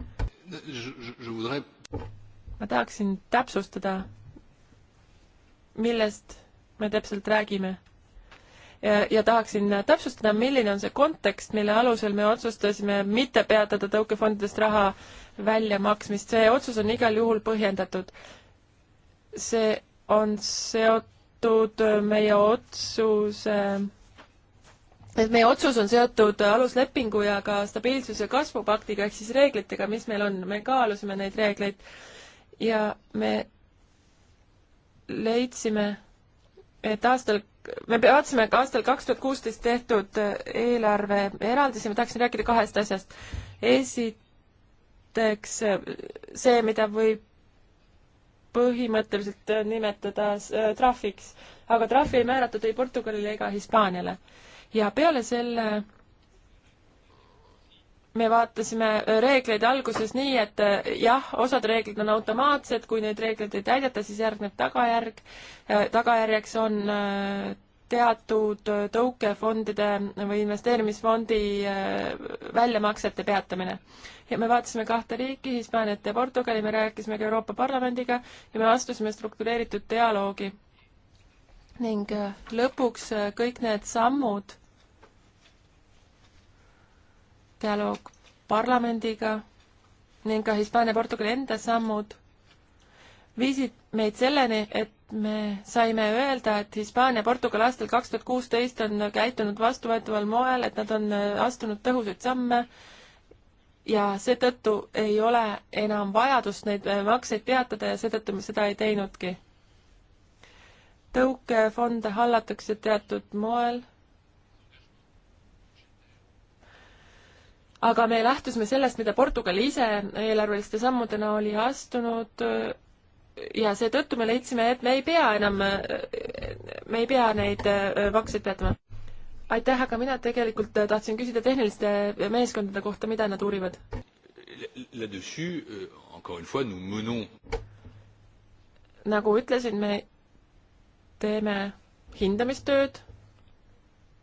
ma tahaksin täpsustada, millest me täpselt räägime ja, ja tahaksin täpsustada, milline on see kontekst, mille alusel me otsustasime mitte peatada tõukefondidest raha väljamaksmist, see otsus on igal juhul põhjendatud. see on seotud meie otsuse et meie otsus on seotud aluslepingu ja ka stabiilsuse kasvupaktiga ehk siis reeglitega, mis meil on, me kaalusime neid reegleid ja me leidsime, et aastal, me vaatasime ka aastal kaks tuhat kuusteist tehtud eelarve eraldisi, ma tahaksin rääkida kahest asjast. esit-, näiteks äh, see, mida võib põhimõtteliselt äh, nimetada äh, trahviks, aga trahvi ei määratud ei Portugalile ega Hispaaniale. ja peale selle me vaatasime reegleid alguses nii, et jah, osad reeglid on automaatsed, kui neid reegleid ei täideta, siis järgneb tagajärg. tagajärjeks on teatud tõukefondide või investeerimisfondi äh, väljamaksete peatamine. ja me vaatasime kahte riiki, Hispaaniat ja Portugali, me rääkisime ka Euroopa Parlamendiga ja me astusime struktureeritud dialoogi. ning äh, lõpuks äh, kõik need sammud, dialoog parlamendiga ning ka Hispaania-Portugali enda sammud viisid meid selleni, et me saime öelda, et Hispaania-Portugal aastal kaks tuhat kuusteist on käitunud vastuvõetaval moel, et nad on astunud tõhusaid samme ja seetõttu ei ole enam vajadust neid makseid peatada ja seetõttu me seda ei teinudki. tõukefonde hallatakse teatud moel. aga me lähtusime sellest, mida Portugal ise eelarveliste sammudena oli astunud ja seetõttu me leidsime, et me ei pea enam, me ei pea neid äh, makseid peatama. aitäh, aga mina tegelikult äh, tahtsin küsida tehniliste meeskondade kohta, mida nad uurivad. nagu ütlesin, me teeme hindamistööd,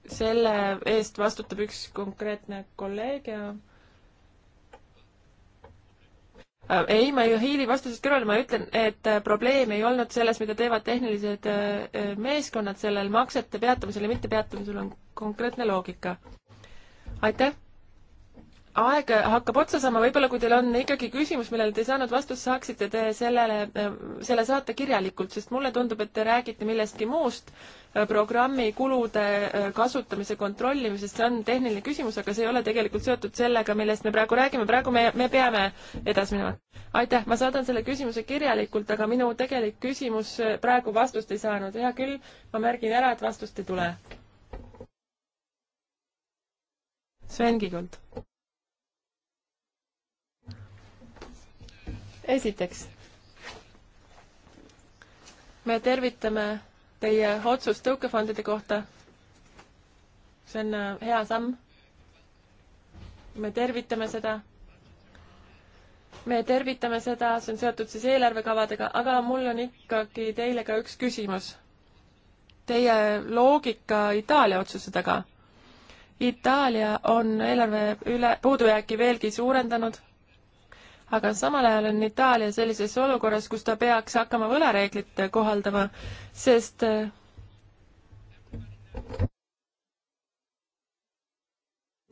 selle eest vastutab üks konkreetne kolleeg ja Äh, ei, ma ju Hiili vastusest kõrvale, ma ütlen, et äh, probleem ei olnud selles, mida teevad tehnilised äh, meeskonnad sellel maksete peatamisel ja mittepeatamisel on konkreetne loogika. aitäh! aeg hakkab otsa saama, võib-olla kui teil on ikkagi küsimus, millele te ei saanud vastust, saaksite te sellele, selle saata kirjalikult, sest mulle tundub, et te räägite millestki muust, programmi kulude kasutamise kontrollimisest, see on tehniline küsimus, aga see ei ole tegelikult seotud sellega, millest me praegu räägime, praegu me, me peame edasi minema. aitäh, ma saadan selle küsimuse kirjalikult, aga minu tegelik küsimus eh, praegu vastust ei saanud, hea küll, ma märgin ära, et vastust ei tule. Sven Kigult. esiteks, me tervitame teie otsust tõukefondide kohta. see on äh, hea samm. me tervitame seda. me tervitame seda, see on seotud siis eelarvekavadega, aga mul on ikkagi teile ka üks küsimus. Teie loogika Itaalia otsuse taga. Itaalia on eelarve üle, puudujääki veelgi suurendanud aga samal ajal on Itaalia sellises olukorras, kus ta peaks hakkama võlareeglit kohaldama, sest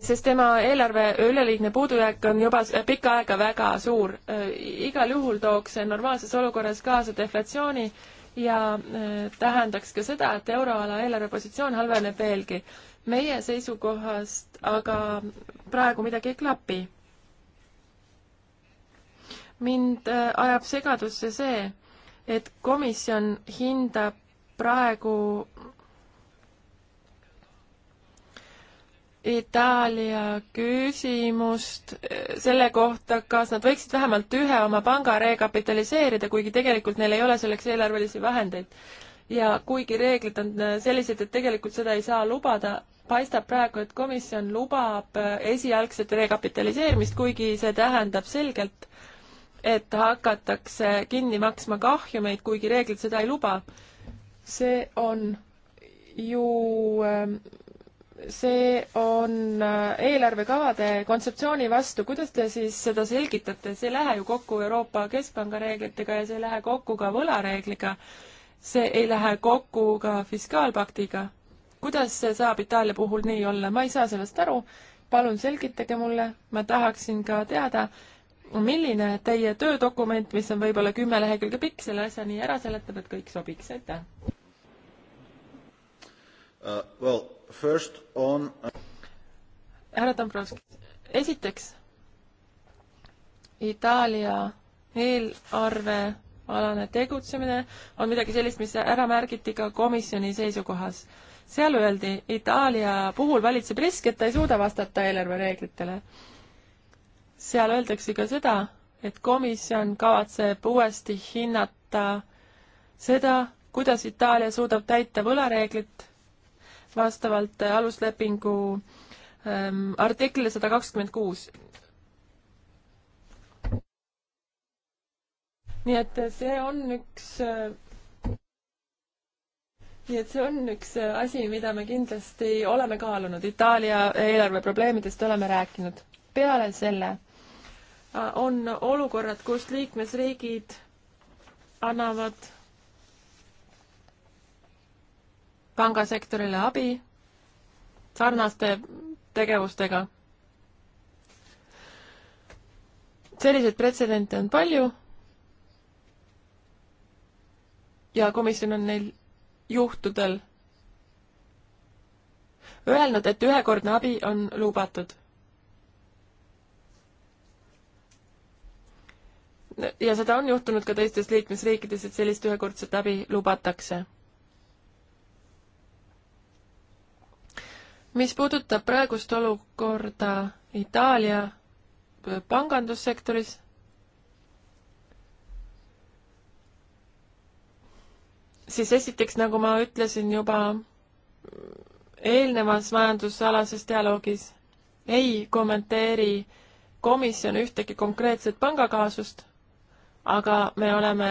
sest tema eelarve üleliigne puudujääk on juba pikka aega väga suur. igal juhul tooks see normaalses olukorras kaasa deflatsiooni ja e, tähendaks ka seda, et euroala eelarvepositsioon halveneb veelgi. meie seisukohast aga praegu midagi ei klapi mind äh, ajab segadusse see, et komisjon hindab praegu Itaalia küsimust äh, selle kohta, kas nad võiksid vähemalt ühe oma panga rekapitaliseerida, kuigi tegelikult neil ei ole selleks eelarvelisi vahendeid. ja kuigi reeglid on äh, sellised, et tegelikult seda ei saa lubada, paistab praegu, et komisjon lubab esialgset rekapitaliseerimist, kuigi see tähendab selgelt äh, et hakatakse kinni maksma kahjumeid, kuigi reeglid seda ei luba. see on ju, ähm, see on äh, eelarvekavade kontseptsiooni vastu, kuidas te siis seda selgitate, see ei lähe ju kokku Euroopa Keskpanga reeglitega ja see ei lähe kokku ka võlareegliga, see ei lähe kokku ka fiskaalpaktiga. kuidas see saab Itaalia puhul nii olla, ma ei saa sellest aru, palun selgitage mulle, ma tahaksin ka teada, milline teie töödokument, mis on võib-olla kümme lehekülge pikk, selle asja nii ära seletab, et kõik sobiks, aitäh uh,? Well, first on uh, härra Dombrovski, esiteks Itaalia eelarvealane tegutsemine on midagi sellist, mis ära märgiti ka komisjoni seisukohas. seal öeldi, Itaalia puhul valitseb risk, et ta ei suuda vastata eelarvereeglitele seal öeldakse ka seda, et komisjon kavatseb uuesti hinnata seda, kuidas Itaalia suudab täita võlareeglit vastavalt aluslepingu ähm, artiklile sada kakskümmend kuus. nii et see on üks äh,, nii et see on üks äh, asi, mida me kindlasti oleme kaalunud, Itaalia eelarveprobleemidest oleme rääkinud. peale selle on olukorrad, kus liikmesriigid annavad pangasektorile abi sarnaste tegevustega. selliseid pretsedente on palju ja komisjon on neil juhtudel öelnud, et ühekordne abi on lubatud ja seda on juhtunud ka teistes liikmesriikides, et sellist ühekordset abi lubatakse. mis puudutab praegust olukorda Itaalia pangandussektoris, siis esiteks, nagu ma ütlesin juba eelnevas majandusalases dialoogis, ei kommenteeri komisjon ühtegi konkreetset pangakaasust aga me oleme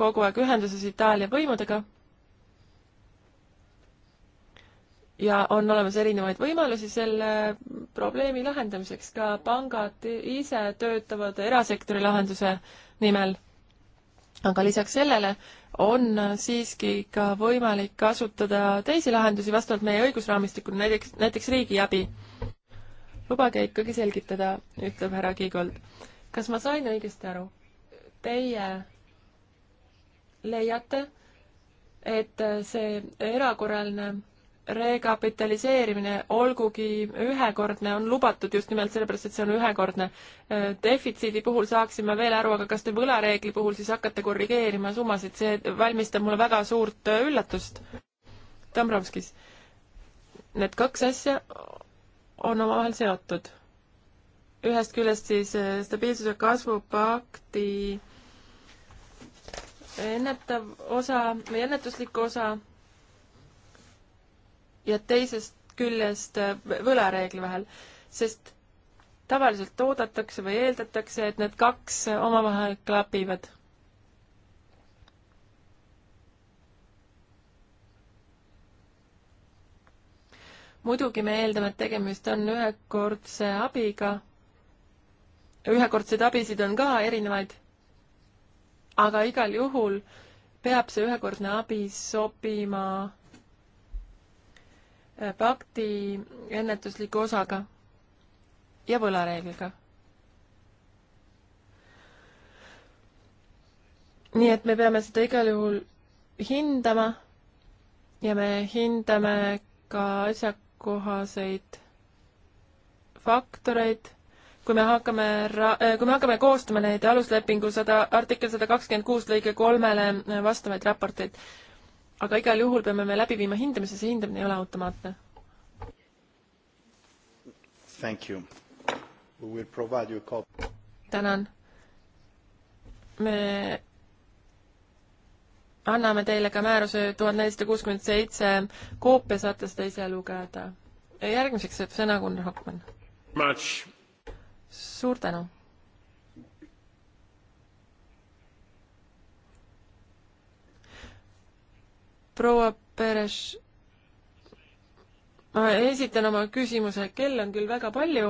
kogu aeg ühenduses Itaalia võimudega ja on olemas erinevaid võimalusi selle probleemi lahendamiseks, ka pangad ise töötavad erasektori lahenduse nimel. aga lisaks sellele on siiski ka võimalik kasutada teisi lahendusi vastavalt meie õigusraamistikule, näiteks, näiteks riigiabi. lubage ikkagi selgitada, ütleb härra Kiigold. kas ma sain õigesti aru? teie leiate, et see erakorraline rekapitaliseerimine, olgugi ühekordne, on lubatud just nimelt sellepärast, et see on ühekordne. defitsiidi puhul saaksime veel aru, aga kas te võlareegli puhul siis hakkate korrigeerima summasid, see valmistab mulle väga suurt üllatust. Tambrovskis, need kaks asja on omavahel seotud. ühest küljest siis stabiilsuse kasvupakti äh, ennetav osa või ennetuslik osa ja teisest küljest äh, võlareegli vahel, sest tavaliselt oodatakse või eeldatakse, et need kaks omavahel klapivad. muidugi me eeldame, et tegemist on ühekordse abiga. ühekordseid abisid on ka erinevaid aga igal juhul peab see ühekordne abi sobima äh, pakti ennetusliku osaga ja võlareegliga. nii et me peame seda igal juhul hindama ja me hindame ka asjakohaseid faktoreid kui me hakkame ra-, äh, kui me hakkame koostama neid aluslepingu sada, artikkel sada kakskümmend kuus lõige kolmele äh, vastavaid raporteid. aga igal juhul peame me läbi viima hindamise, see hindamine ei ole automaatne. tänan. me anname teile ka määruse tuhat nelisada kuuskümmend seitse koopia, saate seda ise lugeda. järgmiseks saab sõna Gunnar Hoffmann. Much suur tänu! proua Peres, ma esitan oma küsimuse, kell on küll väga palju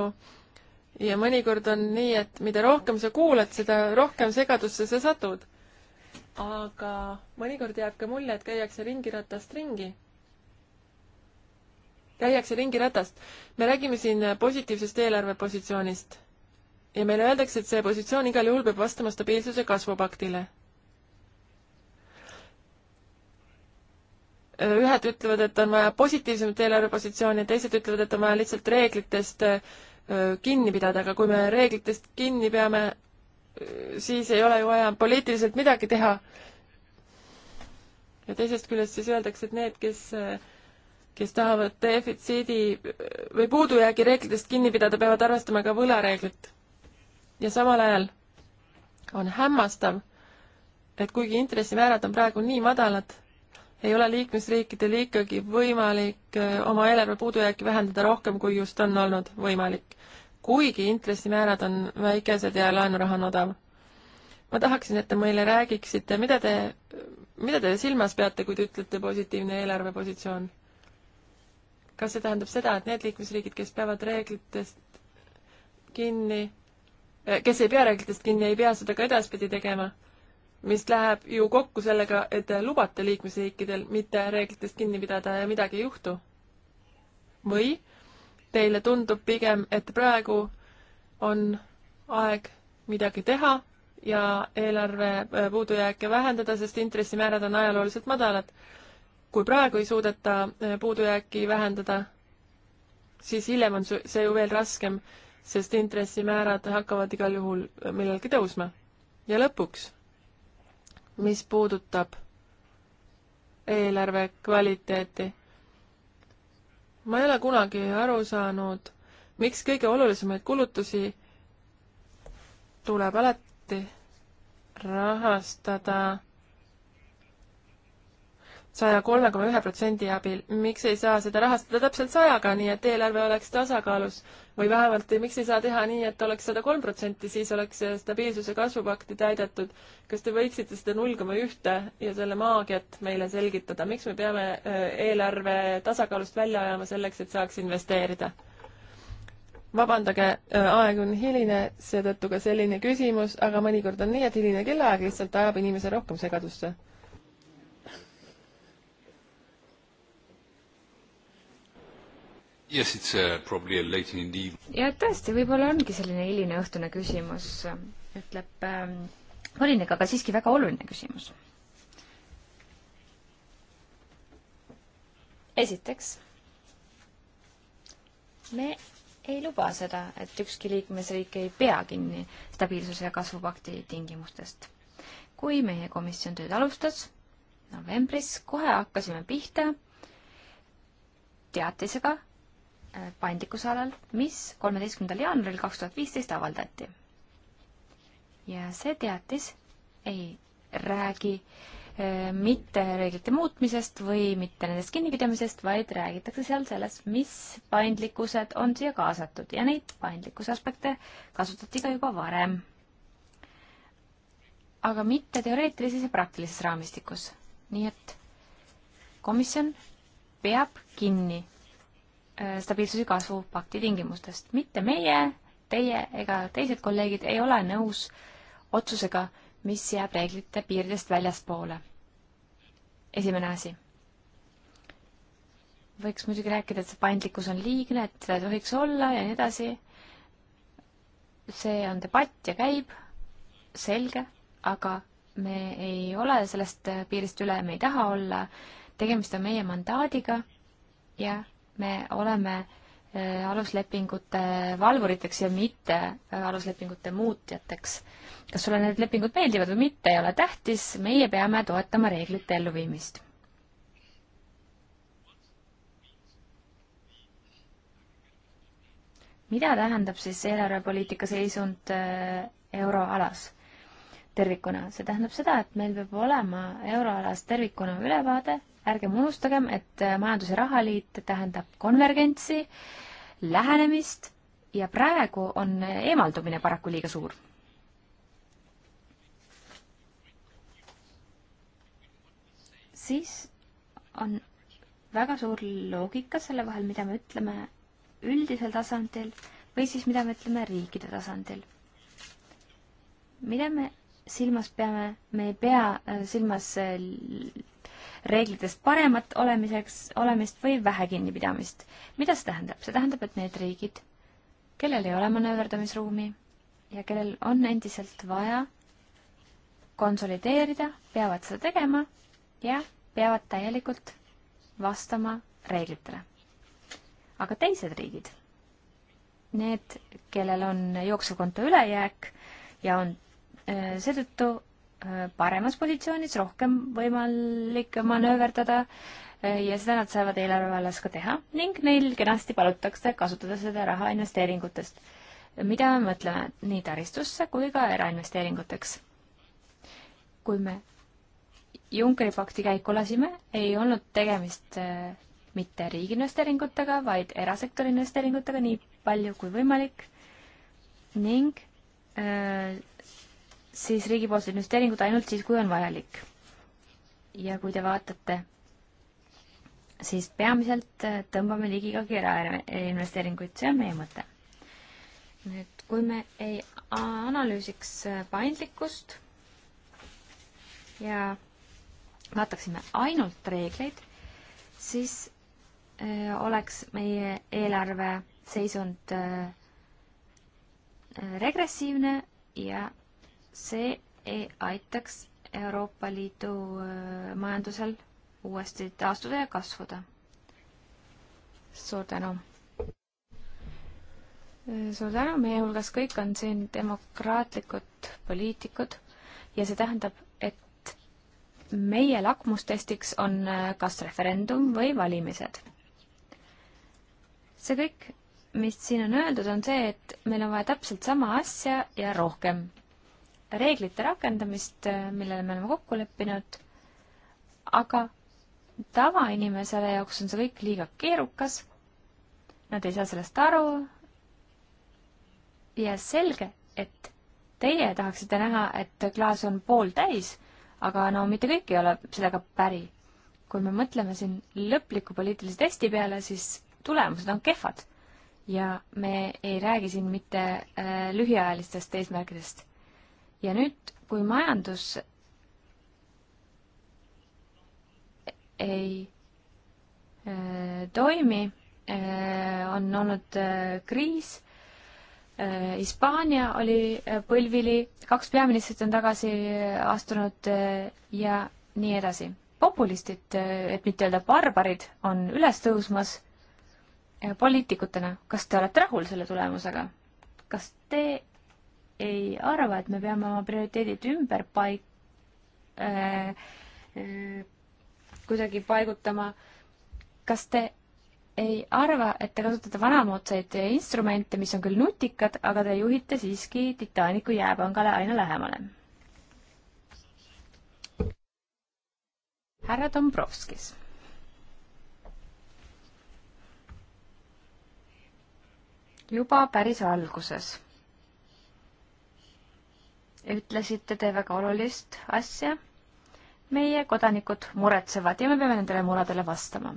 ja mõnikord on nii, et mida rohkem sa kuulad, seda rohkem segadusse sa satud. aga mõnikord jääb ka mulje, et käiakse ringiratast ringi. käiakse ringiratast. me räägime siin positiivsest eelarvepositsioonist ja meile öeldakse, et see positsioon igal juhul peab vastama stabiilsuse kasvupaktile. ühed ütlevad, et on vaja positiivsemat eelarvepositsiooni, teised ütlevad, et on vaja lihtsalt reeglitest äh, kinni pidada, aga kui me reeglitest kinni peame, äh, siis ei ole ju vaja poliitiliselt midagi teha. ja teisest küljest siis öeldakse, et need, kes äh, kes tahavad defitsiidi või puudujäägi reeglitest kinni pidada, peavad arvestama ka võlareeglit ja samal ajal on hämmastav, et kuigi intressimäärad on praegu nii madalad, ei ole liikmesriikidel ikkagi võimalik äh, oma eelarve puudujääki vähendada rohkem, kui just on olnud võimalik. kuigi intressimäärad on väikesed ja laenuraha on odav. ma tahaksin, et te meile räägiksite, mida te, mida te silmas peate, kui te ütlete positiivne eelarvepositsioon? kas see tähendab seda, et need liikmesriigid, kes peavad reeglitest kinni, Äh, kes ei pea reeglitest kinni, ei pea seda ka edaspidi tegema. mis läheb ju kokku sellega, et lubate liikmesriikidel mitte reeglitest kinni pidada ja midagi ei juhtu. või teile tundub pigem, et praegu on aeg midagi teha ja eelarve äh, puudujääke vähendada, sest intressimäärad on ajalooliselt madalad. kui praegu ei suudeta äh, puudujääki vähendada, siis hiljem on see ju veel raskem sest intressimäärad hakkavad igal juhul millalgi tõusma. ja lõpuks, mis puudutab eelarve kvaliteeti. ma ei ole kunagi aru saanud, miks kõige olulisemaid kulutusi tuleb alati rahastada saja kolme koma ühe protsendi abil, miks ei saa seda rahastada täpselt sajaga, nii et eelarve oleks tasakaalus? või vähemalt miks ei saa teha nii, et oleks sada kolm protsenti, siis oleks stabiilsuse kasvupakti täidetud. kas te võiksite seda null koma ühte ja selle maagiat meile selgitada, miks me peame äh, eelarve tasakaalust välja ajama selleks, et saaks investeerida? vabandage, äh, aeg on hiline, seetõttu ka selline küsimus, aga mõnikord on nii, et hiline kellaaeg lihtsalt ajab inimese rohkem segadusse Yes, it's uh, probably late in the evening. jah, tõesti, võib-olla ongi selline hiline õhtune küsimus, ütleb ähm, volinik, aga siiski väga oluline küsimus. esiteks, me ei luba seda, et ükski liikmesriik ei pea kinni stabiilsuse ja kasvupakti tingimustest. kui meie komisjon tööd alustas novembris, kohe hakkasime pihta teatisega, Äh, paindlikkuse alal, mis kolmeteistkümnendal jaanuaril kaks tuhat viisteist avaldati. ja see teatis ei räägi äh, mitte reeglite muutmisest või mitte nendest kinnipidamisest, vaid räägitakse seal sellest, mis paindlikkused on siia kaasatud ja neid paindlikkuse aspekte kasutati ka juba varem. aga mitte teoreetilises ja praktilises raamistikus. nii et komisjon peab kinni Äh, stabiilsuse kasvupakti tingimustest. mitte meie, teie ega teised kolleegid ei ole nõus otsusega, mis jääb reeglite piiridest väljaspoole. esimene asi. võiks muidugi rääkida, et see paindlikkus on liigne, et seda ei tohiks olla ja nii edasi. see on debatt ja käib, selge, aga me ei ole sellest piirist üle, me ei taha olla, tegemist on meie mandaadiga ja me oleme äh, aluslepingute valvuriteks ja mitte äh, aluslepingute muutjateks. kas sulle need lepingud meeldivad või mitte, ei ole tähtis, meie peame toetama reeglite elluviimist. mida tähendab siis eelarvepoliitika seisund äh, euroalas tervikuna? see tähendab seda, et meil peab olema euroalas tervikuna ülevaade ärgem unustagem, et äh, Majandus- ja Rahaliit tähendab konvergentsi, lähenemist ja praegu on äh, eemaldumine paraku liiga suur. siis on väga suur loogika selle vahel, mida me ütleme üldisel tasandil või siis mida me ütleme riikide tasandil. mida me silmas peame, me ei pea äh, silmas reeglitest paremat olemiseks, olemist või vähe kinnipidamist. mida see tähendab? see tähendab, et need riigid, kellel ei ole manööverdamisruumi ja kellel on endiselt vaja konsolideerida, peavad seda tegema ja peavad täielikult vastama reeglitele. aga teised riigid, need, kellel on jooksevkonto ülejääk ja on äh, seetõttu Äh, paremas positsioonis, rohkem võimalik manööverdada äh, ja seda nad saavad eelarve vallas ka teha ning neil kenasti palutakse kasutada seda raha investeeringutest, mida me mõtleme nii taristusse kui ka erainvesteeringuteks. kui me Junckeri pakti käiku lasime, ei olnud tegemist äh, mitte riigi investeeringutega, vaid erasektori investeeringutega nii palju kui võimalik ning siis riigipoolsed investeeringud ainult siis, kui on vajalik. ja kui te vaatate, siis peamiselt äh, tõmbame ligi ka erainvesteeringuid, see on meie mõte. nüüd, kui me ei analüüsiks äh, paindlikkust ja vaataksime ainult reegleid, siis öö, äh, oleks meie eelarve seisund öö, regressiivne ja see aitaks Euroopa Liidu äh, majandusel uuesti taastuda ja kasvada. suur tänu! Äh, suur tänu, meie hulgas kõik on siin demokraatlikud poliitikud ja see tähendab, et meie lakmustestiks on äh, kas referendum või valimised. see kõik, mis siin on öeldud, on see, et meil on vaja täpselt sama asja ja rohkem reeglite rakendamist, millele me oleme kokku leppinud, aga tavainimesele jaoks on see kõik liiga keerukas, nad ei saa sellest aru ja selge, et teie tahaksite näha, et klaas on pooltäis, aga no mitte kõik ei ole sellega päri. kui me mõtleme siin lõpliku poliitilise testi peale, siis tulemused on kehvad ja me ei räägi siin mitte äh, lühiajalistest eesmärkidest ja nüüd, kui majandus ei äh, toimi, äh, on olnud äh, kriis, Hispaania oli põlvili, kaks peaministrit on tagasi astunud ja nii edasi. populistid, et mitte öelda barbarid, on üles tõusmas poliitikutena. kas te olete rahul selle tulemusega? kas te ei arva, et me peame oma prioriteedid ümber paik- äh,, äh, kuidagi paigutama. kas te ei arva, et te kasutate vanamoodsaid instrumente, mis on küll nutikad, aga te juhite siiski Titanicu jääpangale aina lähemale? härra Dombrovskis. juba päris alguses ütlesite te väga olulist asja. meie kodanikud muretsevad ja me peame nendele muredele vastama.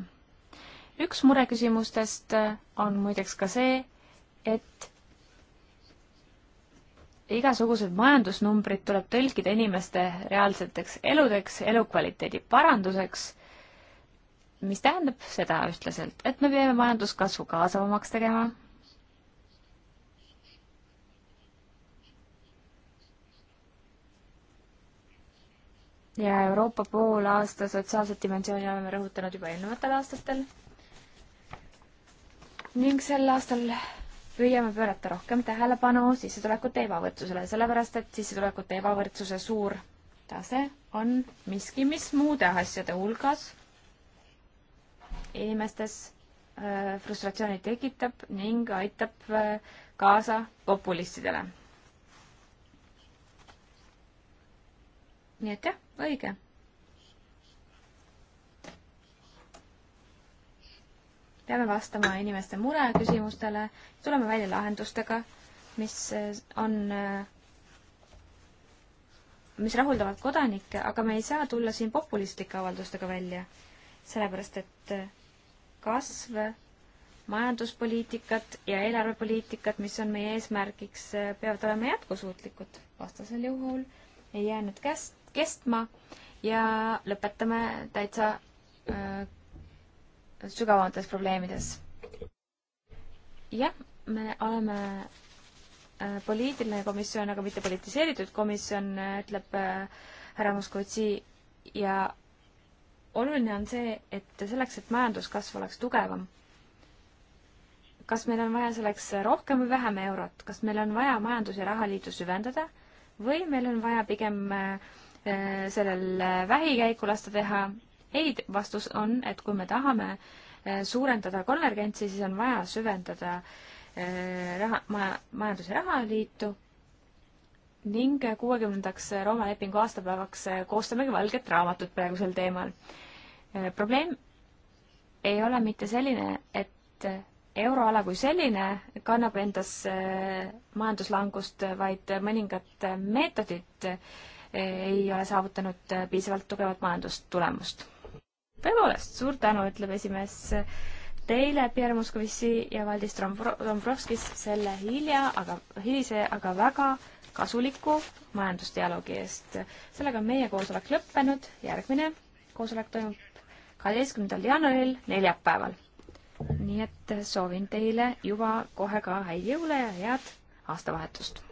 üks mureküsimustest on muideks ka see, et igasugused majandusnumbrid tuleb tõlkida inimeste reaalseteks eludeks, elukvaliteedi paranduseks, mis tähendab seda ühtlaselt, et me peame majanduskasvu kaasavamaks tegema ja Euroopa poolaasta sotsiaalset dimensiooni oleme rõhutanud juba eelnevatel aastatel. ning sel aastal püüame pöörata rohkem tähelepanu sissetulekute ebavõrdsusele, sellepärast et sissetulekute ebavõrdsuse suur tase on miski, mis muude asjade hulgas inimestes äh, frustratsiooni tekitab ning aitab äh, kaasa populistidele nii et jah, õige. peame vastama inimeste mureküsimustele, tuleme välja lahendustega, mis äh, on, äh, mis rahuldavad kodanikke, aga me ei saa tulla siin populistlike avaldustega välja, sellepärast et äh, kasv majanduspoliitikat ja eelarvepoliitikat, mis on meie eesmärgiks, peavad olema jätkusuutlikud. vastasel juhul ei jää nüüd käest kestma ja lõpetame täitsa äh, sügavamates probleemides. jah, me oleme äh, poliitiline komisjon, aga mitte politiseeritud komisjon äh,, ütleb härra Moskovitši ja oluline on see, et selleks, et majanduskasv oleks tugevam, kas meil on vaja selleks rohkem või vähem eurot, kas meil on vaja majandus- ja rahaliitu süvendada või meil on vaja pigem äh, Äh, sellel äh, vähikäiku lasta teha? ei, vastus on, et kui me tahame äh, suurendada konvergentsi, siis on vaja süvendada raha, maja, majandus- ja rahaliitu ning kuuekümnendaks Rooma lepingu aastapäevaks koostamegi valget raamatut praegusel teemal. probleem ei ole mitte selline, et euroala kui selline kannab endas majanduslangust, vaid mõningad meetodid, ei ole saavutanud äh, piisavalt tugevat majandustulemust. tõepoolest, suur tänu, ütleb esimees teile, Pierre Moskovitši ja Valdis Dombrovskis selle hilja, aga hilise, aga väga kasuliku majandusdialoogi eest. sellega on meie koosolek lõppenud, järgmine koosolek toimub kaheteistkümnendal jaanuaril, neljapäeval. nii et soovin teile juba kohe ka häid jõule ja head aastavahetust!